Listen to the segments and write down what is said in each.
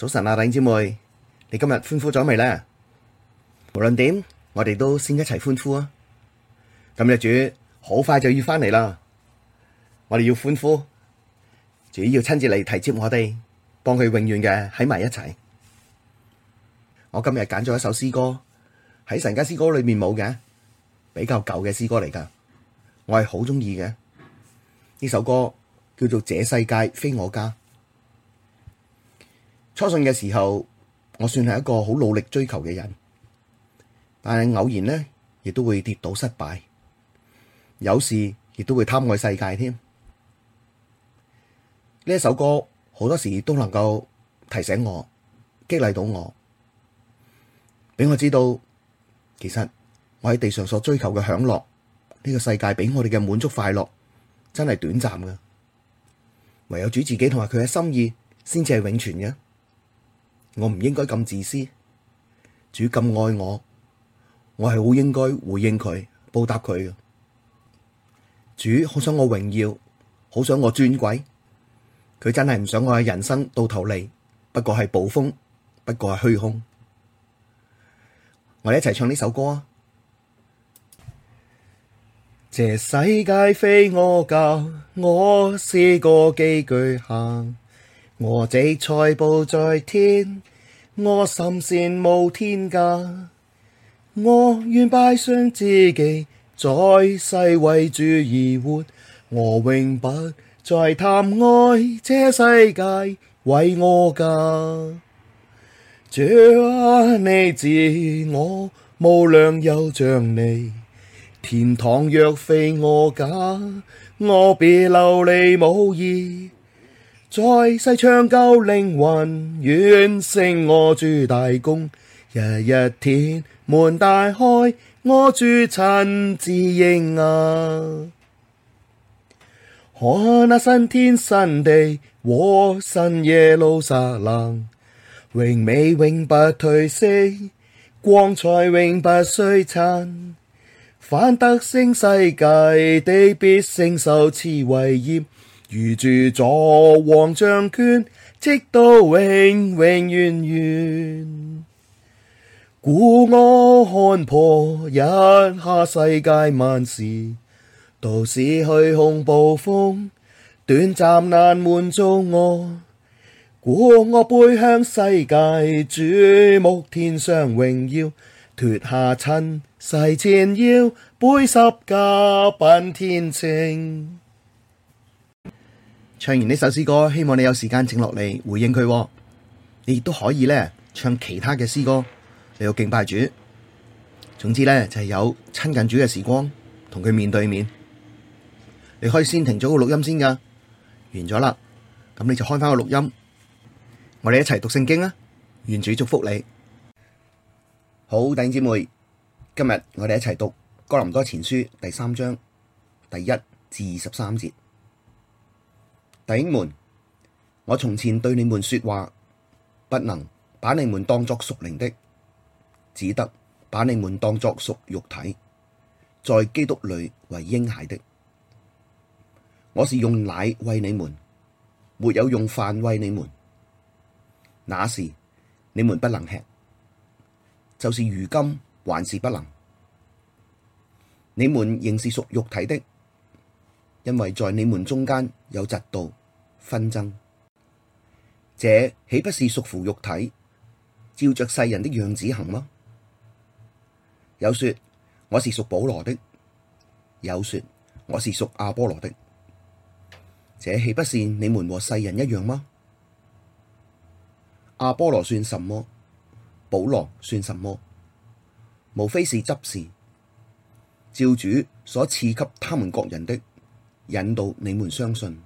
早晨啊，弟兄姊妹，你今日歡呼咗未咧？無論點，我哋都先一齊歡呼啊！今日主好快就要翻嚟啦，我哋要歡呼，主要親自嚟提接我哋，幫佢永遠嘅喺埋一齊。我今日揀咗一首詩歌，喺神家詩歌裏面冇嘅，比較舊嘅詩歌嚟噶，我係好鍾意嘅。呢首歌叫做《這世界非我家》。初信嘅時候，我算係一個好努力追求嘅人，但係偶然呢亦都會跌倒失敗，有時亦都會貪愛世界添。呢一首歌好多時都能夠提醒我、激勵到我，俾我知道，其實我喺地上所追求嘅享樂，呢個世界俾我哋嘅滿足快樂，真係短暫噶，唯有主自己同埋佢嘅心意，先至係永存嘅。我唔應該咁自私，主咁愛我，我係好應該回應佢報答佢嘅。主好想我榮耀，好想我尊貴，佢真係唔想我嘅人生到頭嚟，不過係暴風，不過係虛空。我哋一齊唱呢首歌啊！這世界非我家，我是個寄居客。我積財寶在天，我心羨慕天家。我願擺上自己，在世為主而活。我永不再貪愛這世界為我家。主啊！你知我無良友像你，天堂若非我家，我必流離無依。在世搶救靈魂，完成我主大工，日日天門大開，我主親自迎迓啊！看那新天新地和新耶路撒冷，榮美永不褪色，光彩永不衰殘，凡得勝世界的，必必承受此為業。與主作王掌權，直到永永遠遠。故我看破日下世界萬事，都是虛空捕風，短暫難滿足我。故我背向世界，注目天上榮耀，脫下塵世纏繞，背十架奔天程。唱完呢首詩歌，希望你有時間靜落嚟回應佢。你亦都可以咧唱其他嘅詩歌嚟到敬拜主。總之咧就係、是、有親近主嘅時光，同佢面對面。你可以先停咗個錄音先噶，完咗啦，咁你就開翻個錄音。我哋一齊讀聖經啊！願主祝福你。好，弟兄姐妹，今日我哋一齊讀哥林多前書第三章第一至二十三節。弟兄們，我從前對你們說話，不能把你們當作屬靈的，只得把你們當作屬肉體，在基督裡為嬰孩的。我是用奶餵你們，沒有用飯餵你們。那時你們不能吃，就是如今還是不能。你們仍是屬肉體的，因為在你們中間有嫉妒、紛爭，這豈不是屬乎肉體，照着世人的樣子行嗎？有說我是屬保羅的，有說我是屬亞波羅的，這豈不是你們和世人一樣嗎？亞波羅算什麼？保羅算什麼？無非是執事，照主所賜給他們各人的，引導你們相信。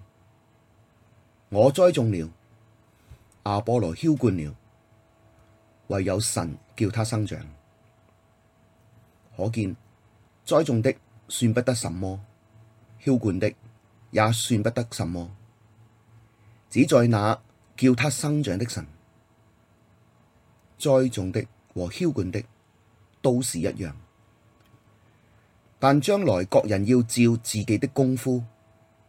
我栽種了，亞波羅澆灌了，唯有神叫他生長。可見栽種的算不得什麼，澆灌的也算不得什麼，只在那叫他生長的神。栽種的和澆灌的都是一樣，但將來各人要照自己的工夫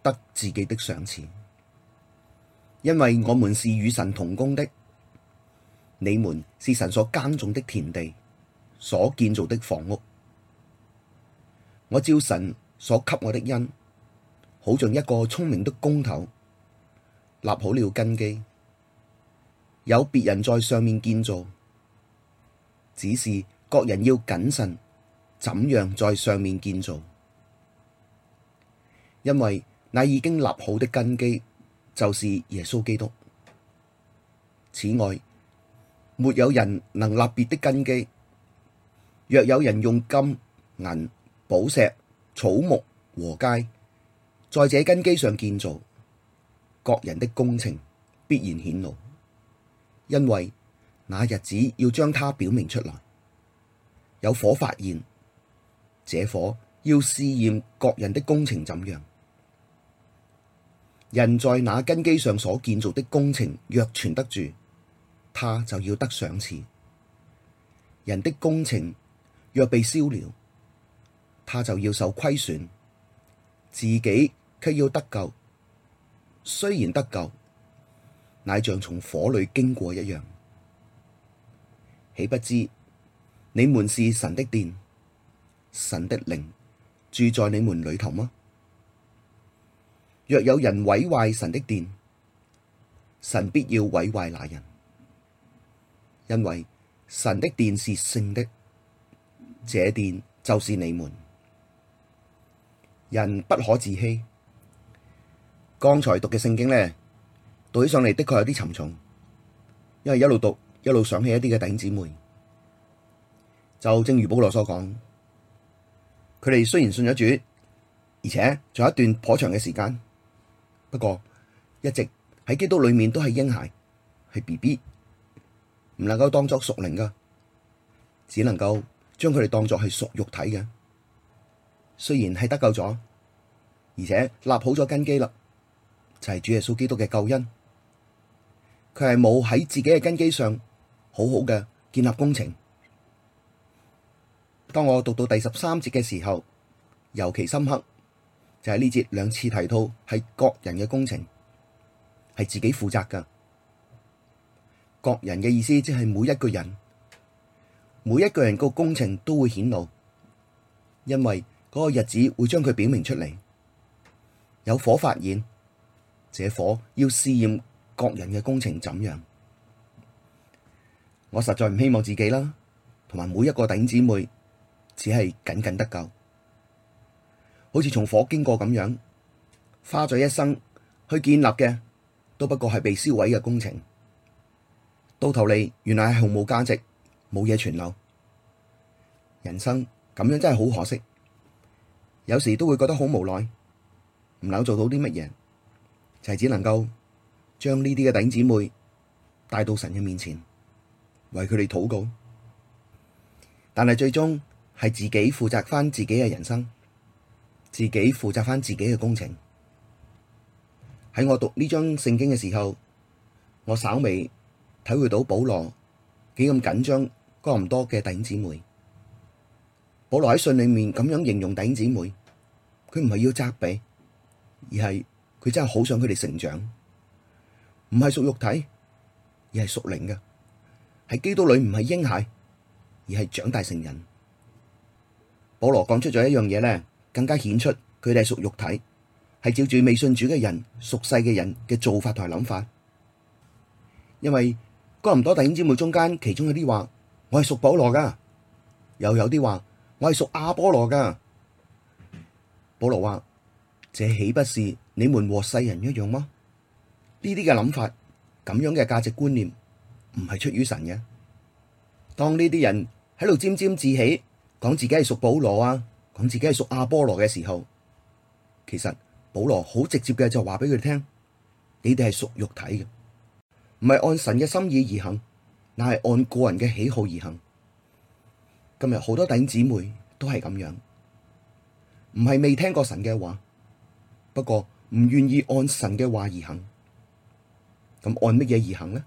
得自己的賞賜。因為我們是與神同工的，你們是神所耕種的田地，所建造的房屋。我照神所給我的恩，好像一個聰明的工頭，立好了根基，有別人在上面建造，只是各人要謹慎，怎樣在上面建造，因為那已經立好的根基。就是耶穌基督。此外，沒有人能立別的根基。若有人用金銀、寶石、草木，禾稭，在這根基上建造，各人的工程必然顯露，因為那日子要將它表明出來。有火發現，這火要試驗各人的工程怎樣。人在那根基上所建造的工程若存得住，他就要得賞賜；人的工程若被燒了，他就要受虧損，自己卻要得救。雖然得救，乃像從火裡經過一樣。豈不知你們是神的殿，神的靈住在你們裡頭嗎？若有人毀壞神的殿，神必要毀壞那人，因為神的殿是聖的，這殿就是你們。人不可自欺。剛才讀嘅聖經呢，讀起上嚟的確有啲沉重，因為一路讀一路想起一啲嘅弟兄姊妹，就正如保羅所講，佢哋雖然信咗主，而且仲有一段頗長嘅時間。不過一直喺基督裏面都係嬰孩，係 BB，唔能夠當作屬靈噶，只能夠將佢哋當作係屬肉體嘅。雖然係得救咗，而且立好咗根基啦，就係主耶穌基督嘅救恩。佢係冇喺自己嘅根基上好好嘅建立工程。當我讀到第十三節嘅時候，尤其深刻。就係呢節兩次提到，係各人嘅工程，係自己負責嘅。各人嘅意思即係每一個人，每一個人個工程都會顯露，因為嗰個日子會將佢表明出嚟。有火發現，這火要試驗各人嘅工程怎樣。我實在唔希望自己啦，同埋每一個頂姊妹只緊緊，只係僅僅得救。好似從火經過咁樣，花咗一生去建立嘅，都不過係被燒毀嘅工程。到頭嚟，原來係毫無價值，冇嘢存留。人生咁樣真係好可惜，有時都會覺得好無奈，唔能做到啲乜嘢，就係、是、只能夠將呢啲嘅頂姊妹帶到神嘅面前，為佢哋禱告。但係最終係自己負責翻自己嘅人生。自己負責返自己嘅工程。喺我讀呢章聖經嘅時候，我稍微體會到保羅幾咁緊張，哥林多嘅弟兄姊妹。保羅喺信裡面咁樣形容弟兄姊妹，佢唔係要責備，而係佢真係好想佢哋成長，唔係屬肉體，而係屬靈嘅，喺基督裏唔係嬰孩，而係長大成人。保羅講出咗一樣嘢咧。更加顯出佢哋係屬肉體，係照住未信主嘅人、屬世嘅人嘅做法同埋諗法。因為哥林多弟兄姐妹中間，其中有啲話我係屬保羅㗎，又有啲話我係屬亞波羅㗎。保羅話：這豈不是你們和世人一樣嗎？呢啲嘅諗法、咁樣嘅價值觀念，唔係出於神嘅。當呢啲人喺度沾沾自喜，講自己係屬保羅啊！講自己係屬亞波羅嘅時候，其實保羅好直接嘅就話俾佢哋聽：你哋係屬肉體嘅，唔係按神嘅心意而行，乃係按個人嘅喜好而行。今日好多弟兄姊妹都係咁樣，唔係未聽過神嘅話，不過唔願意按神嘅話而行。咁按乜嘢而行呢？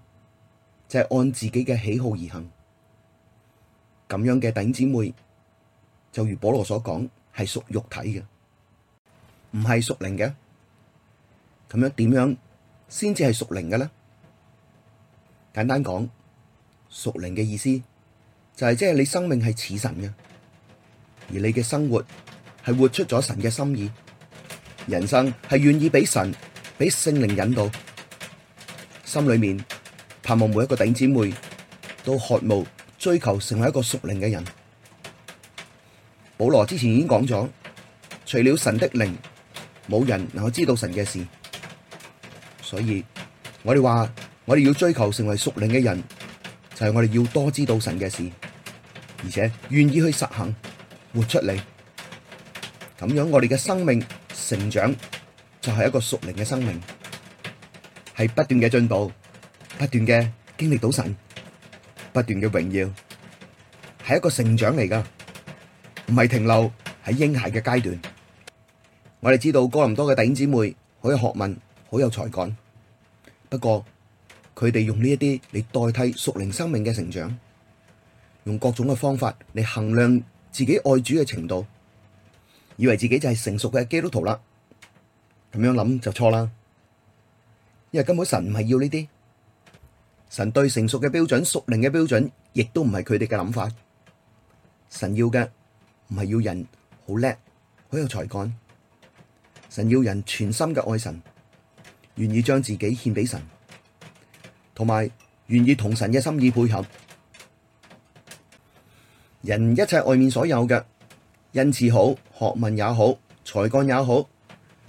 就係、是、按自己嘅喜好而行。咁樣嘅弟兄姊妹。就如保羅所講，係屬肉體嘅，唔係屬靈嘅。咁樣點樣先至係屬靈嘅呢？簡單講，屬靈嘅意思就係即係你生命係似神嘅，而你嘅生活係活出咗神嘅心意，人生係願意俾神俾聖靈引導，心裏面盼望每一個弟兄姊妹都渴慕追求成為一個屬靈嘅人。保羅之前已經講咗，除了神的靈，冇人能夠知道神嘅事。所以，我哋話，我哋要追求成為屬靈嘅人，就係我哋要多知道神嘅事。而且，願意去實行，活出嚟。噉樣，我哋嘅生命成長，就係一個屬靈嘅生命。係不斷嘅進步，不斷嘅經歷到神，不斷嘅榮耀，係一個成長嚟㗎。唔係停留喺嬰孩嘅階段，我哋知道哥林多嘅弟兄姊妹好有學問，好有才幹。不過佢哋用呢一啲嚟代替屬靈生命嘅成長，用各種嘅方法嚟衡量自己愛主嘅程度，以為自己就係成熟嘅基督徒啦。咁樣諗就錯啦，因為根本神唔係要呢啲，神對成熟嘅標準、屬靈嘅標準，亦都唔係佢哋嘅諗法。神要嘅。唔係要人好叻、好有才幹，神要人全心嘅愛神，願意將自己獻俾神，同埋願意同神嘅心意配合。人一切外面所有嘅恩賜好、學問也好、才幹也好，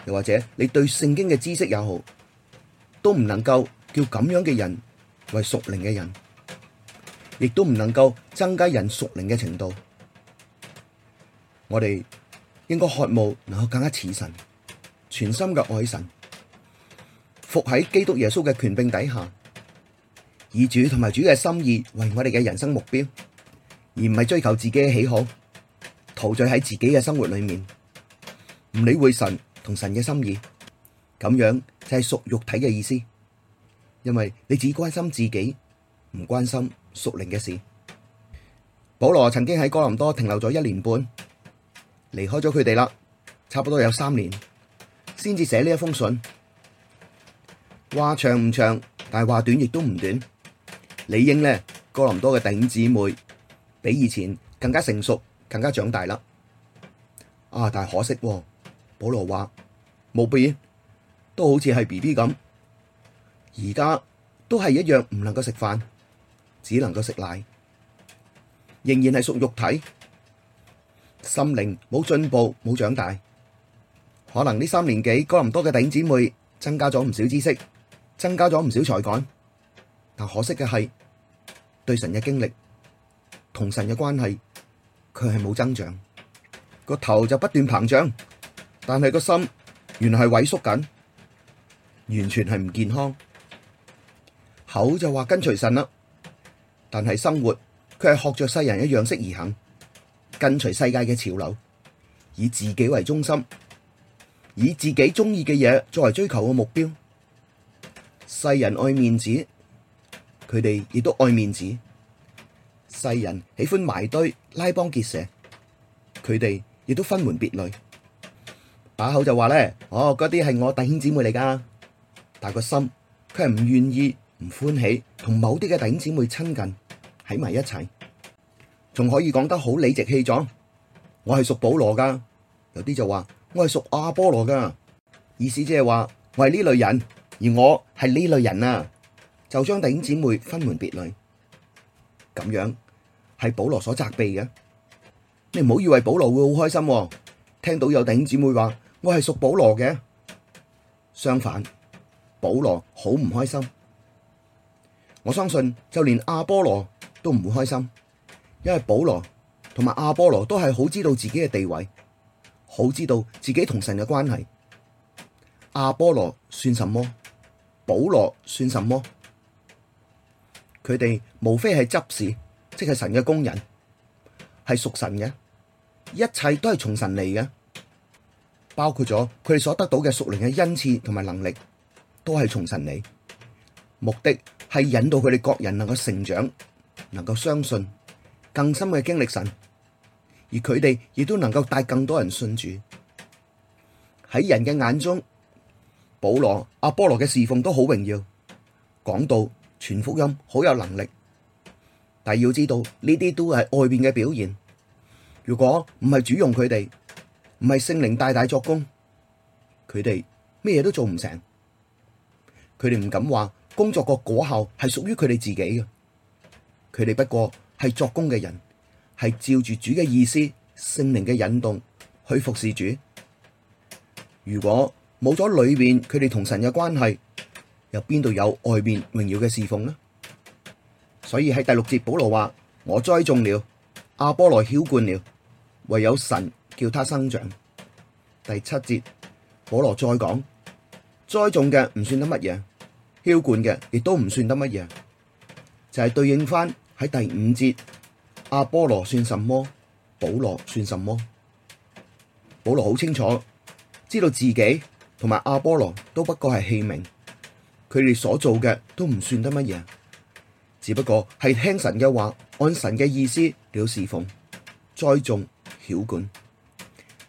又或者你對聖經嘅知識也好，都唔能夠叫咁樣嘅人為屬靈嘅人，亦都唔能夠增加人屬靈嘅程度。我哋應該渴望能夠更加似神，全心嘅愛神，伏喺基督耶穌嘅權柄底下，以主同埋主嘅心意為我哋嘅人生目標，而唔係追求自己嘅喜好，陶醉喺自己嘅生活裏面，唔理會神同神嘅心意，咁樣就係屬肉體嘅意思。因為你只關心自己，唔關心屬靈嘅事。保羅曾經喺哥林多停留咗一年半。離開咗佢哋啦，差不多有三年，先至寫呢一封信。話長唔長，但係話短亦都唔短。理應呢，哥林多嘅第五姊妹，比以前更加成熟，更加長大啦。啊，但係可惜啊，保羅話冇變，都好似係 BB 咁，而家都係一樣唔能夠食飯，只能夠食奶，仍然係屬肉體。心靈冇進步，冇長大，可能呢三年幾，哥林多嘅弟兄姊妹增加咗唔少知識，增加咗唔少才幹，但可惜嘅係，對神嘅經歷同神嘅關係，佢係冇增長，個頭就不斷膨脹，但係個心原來係萎縮緊，完全係唔健康，口就話跟隨神啦，但係生活佢係學著世人嘅樣式而行。跟隨世界嘅潮流，以自己為中心，以自己中意嘅嘢作為追求嘅目標。世人愛面子，佢哋亦都愛面子。世人喜歡埋堆，拉幫結社，佢哋亦都分門別類。把口就話咧，哦，嗰啲係我弟兄姊妹嚟噶，但係個心，佢係唔願意、唔歡喜同某啲嘅弟兄姊妹親近喺埋一齊。仲可以講得好理直氣壯，我係屬保羅㗎，有啲就話我係屬亞波羅㗎，意思即係話我係呢類人，而我係呢類人啊，就將弟兄姊妹分門別類，咁樣係保羅所責備嘅。你唔好以為保羅會好開心，聽到有弟兄姊妹話我係屬保羅嘅，相反，保羅好唔開心。我相信就連亞波羅都唔會開心。因為保羅同埋亞波羅都係好知道自己嘅地位，好知道自己同神嘅關係。亞波羅算什麼？保羅算什麼？佢哋無非係執事，即係神嘅工人，係屬神嘅，一切都係從神嚟嘅，包括咗佢哋所得到嘅屬靈嘅恩賜同埋能力，都係從神嚟。目的係引導佢哋各人能夠成長，能夠相信。更深嘅經歷神，而佢哋亦都能夠帶更多人信主。喺人嘅眼中，保羅、阿波羅嘅侍奉都好榮耀，講到全福音好有能力。但係要知道呢啲都係外邊嘅表現。如果唔係主用佢哋，唔係聖靈大大作工，佢哋咩嘢都做唔成。佢哋唔敢話工作個果效係屬於佢哋自己嘅，佢哋不過。係作工嘅人，係照住主嘅意思、聖靈嘅引動去服侍主。如果冇咗裏面，佢哋同神嘅關係，又邊度有外面榮耀嘅侍奉呢？所以喺第六節保羅話：我栽種了，阿波羅澆灌了，唯有神叫他生長。第七節保羅再講：栽種嘅唔算得乜嘢，澆灌嘅亦都唔算得乜嘢，就係、是、對應翻。喺第五節，亞波羅算什麼？保羅算什麼？保羅好清楚，知道自己同埋亞波羅都不過係器皿，佢哋所做嘅都唔算得乜嘢，只不過係聽神嘅話，按神嘅意思了侍奉、栽種、澆灌，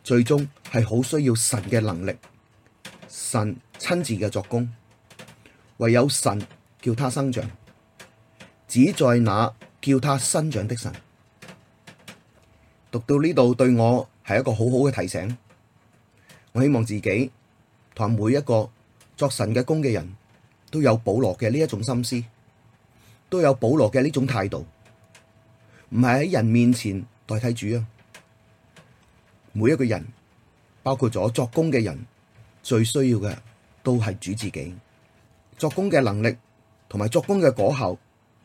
最終係好需要神嘅能力，神親自嘅作工，唯有神叫他生長。只在那叫他生長的神，讀到呢度對我係一個好好嘅提醒。我希望自己同每一個作神嘅工嘅人都有保羅嘅呢一種心思，都有保羅嘅呢種態度，唔係喺人面前代替主啊。每一個人包括咗作工嘅人，最需要嘅都係主自己。作工嘅能力同埋作工嘅果效。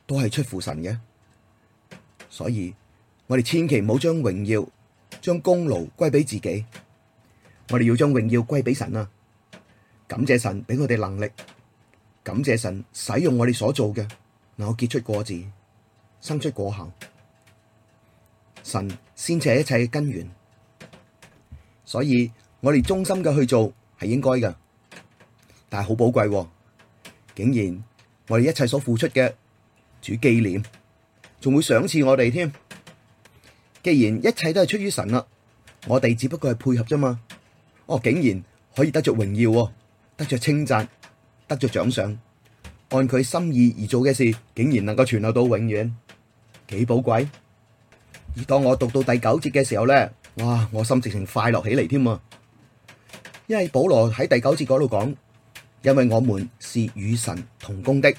都係出乎神嘅，所以我哋千祈唔好將榮耀、將功勞歸俾自己，我哋要將榮耀歸俾神啊！感謝神俾我哋能力，感謝神使用我哋所做嘅。嗱，我結出果子，生出果效，神先至係一切嘅根源，所以我哋衷心嘅去做係應該㗎，但係好寶貴喎，竟然我哋一切所付出嘅。主紀念，仲會賞賜我哋添。既然一切都係出於神啦，我哋只不過係配合啫嘛。哦，竟然可以得着榮耀，得着稱讚，得着獎賞，按佢心意而做嘅事，竟然能夠傳留到永遠，幾寶貴！而當我讀到第九節嘅時候咧，哇，我心直情快樂起嚟添啊！因為保羅喺第九節嗰度講：，因為我們是與神同工的。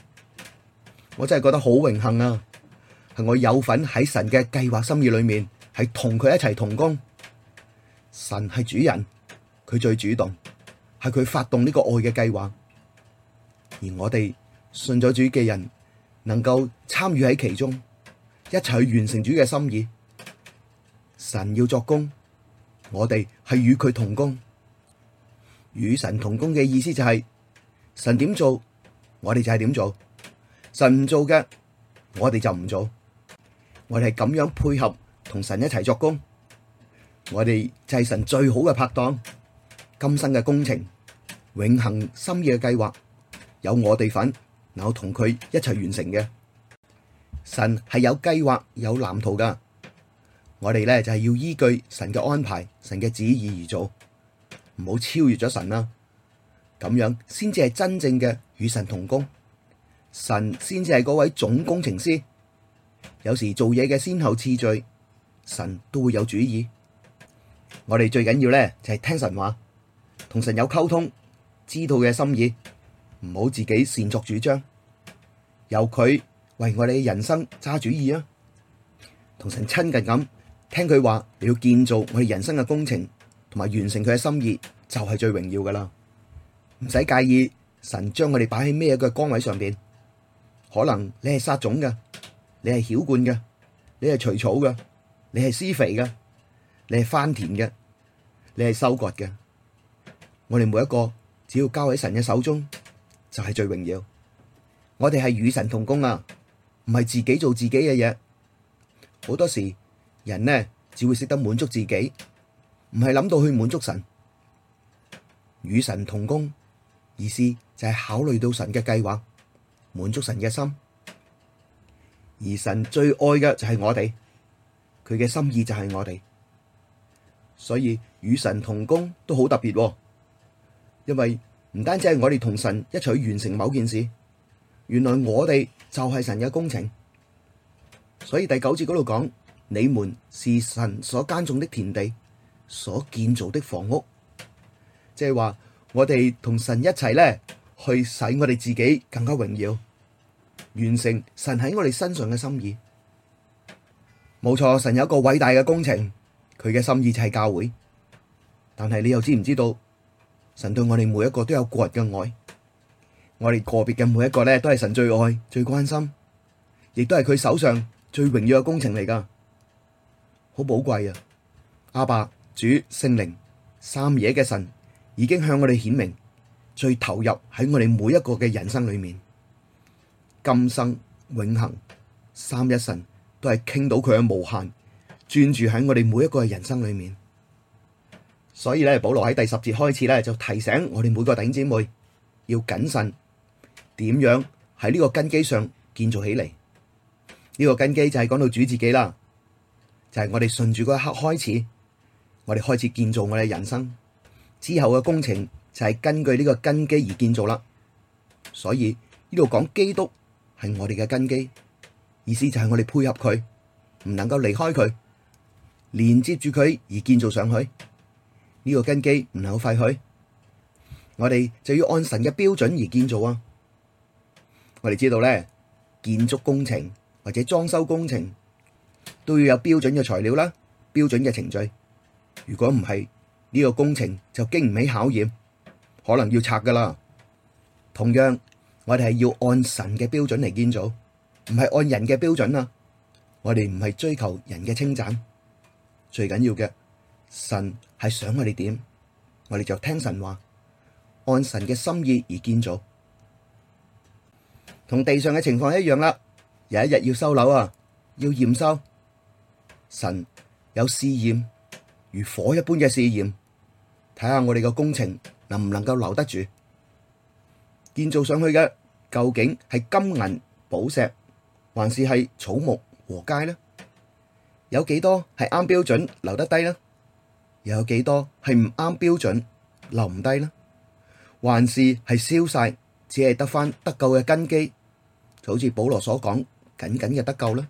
我真係覺得好榮幸啊！係我有份喺神嘅計劃心意裏面，係同佢一齊同工。神係主人，佢最主動，係佢發動呢個愛嘅計劃。而我哋信咗主嘅人，能夠參與喺其中，一齊去完成主嘅心意。神要作工，我哋係與佢同工，與神同工嘅意思就係神點做，我哋就係點做。神唔做嘅，我哋就唔做。我哋係咁樣配合同神一齊作工，我哋就係神最好嘅拍檔。今生嘅工程、永恒心意嘅計劃，有我哋份，能夠同佢一齊完成嘅。神係有計劃、有藍圖噶，我哋咧就係、是、要依據神嘅安排、神嘅旨意而做，唔好超越咗神啦。咁樣先至係真正嘅與神同工。神先至係嗰位總工程師，有時做嘢嘅先後次序，神都會有主意。我哋最緊要咧就係聽神話，同神有溝通，知道嘅心意，唔好自己擅作主張，由佢為我哋嘅人生揸主意啊！同神親近咁聽佢話，你要建造我哋人生嘅工程，同埋完成佢嘅心意，就係最榮耀噶啦！唔使介意神將我哋擺喺咩嘅崗位上邊。可能你係撒種嘅，你係澆灌嘅，你係除草嘅，你係施肥嘅，你係翻田嘅，你係收割嘅。我哋每一個只要交喺神嘅手中，就係最榮耀。我哋係與神同工啊，唔係自己做自己嘅嘢。好多時人呢只會識得滿足自己，唔係諗到去滿足神。與神同工意思就係考慮到神嘅計劃。滿足神嘅心，而神最愛嘅就係我哋，佢嘅心意就係我哋，所以與神同工都好特別。因為唔單止係我哋同神一齊去完成某件事，原來我哋就係神嘅工程。所以第九節嗰度講：你們是神所耕種的田地，所建造的房屋。即係話我哋同神一齊呢，去使我哋自己更加榮耀。完成神喺我哋身上嘅心意，冇錯。神有一個偉大嘅工程，佢嘅心意就係教會。但係你又知唔知道，神對我哋每一個都有個人嘅愛，我哋個別嘅每一個咧都係神最愛、最關心，亦都係佢手上最榮耀嘅工程嚟噶，好寶貴啊！阿爸、主、聖靈、三野嘅神已經向我哋顯明，最投入喺我哋每一個嘅人生裏面。今生永恆三一神都係傾到佢嘅無限，專注喺我哋每一個人生裏面。所以咧，保羅喺第十節開始咧就提醒我哋每個弟兄姊妹要謹慎，點樣喺呢個根基上建造起嚟。呢、這個根基就係講到主自己啦，就係、是、我哋順住嗰一刻開始，我哋開始建造我哋人生之後嘅工程就係根據呢個根基而建造啦。所以呢度講基督。係我哋嘅根基，意思就係我哋配合佢，唔能夠離開佢，連接住佢而建造上去。呢個根基唔係好廢去，我哋就要按神嘅標準而建造啊！我哋知道咧，建築工程或者裝修工程都要有標準嘅材料啦，標準嘅程序。如果唔係呢個工程就經唔起考驗，可能要拆噶啦。同樣。我哋係要按神嘅標準嚟建造，唔係按人嘅標準啊。我哋唔係追求人嘅稱讚，最緊要嘅神係想我哋點，我哋就聽神話，按神嘅心意而建造。同地上嘅情況一樣啦，有一日要收樓啊，要驗收。神有試驗，如火一般嘅試驗，睇下我哋嘅工程能唔能夠留得住。建造上去嘅究竟係金銀寶石，還是係草木禾稭咧？有幾多係啱標準留得低咧？又有幾多係唔啱標準留唔低咧？還是係燒晒，只係得翻得救嘅根基？就好似保羅所講，僅僅嘅得救咧。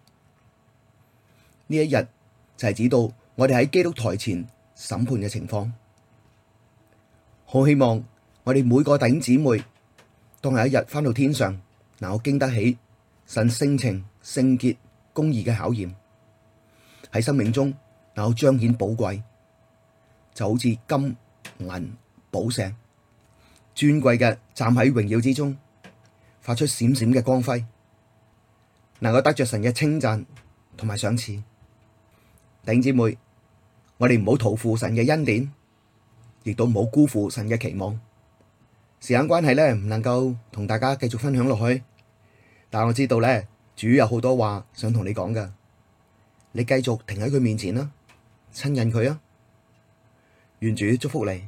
呢一日就係指到我哋喺基督台前審判嘅情況。好希望我哋每個弟兄姊妹。當有一日翻到天上，能夠經得起神聖情聖潔公義嘅考驗，喺生命中能夠彰顯寶貴，就好似金銀寶石尊貴嘅站喺榮耀之中，發出閃閃嘅光輝，能夠得着神嘅稱讚同埋賞賜。弟兄姊妹，我哋唔好徒負神嘅恩典，亦都唔好辜負神嘅期望。時間關係咧，唔能夠同大家繼續分享落去。但我知道咧，主有好多話想同你講㗎，你繼續停喺佢面前啦，親近佢啊！願主祝福你。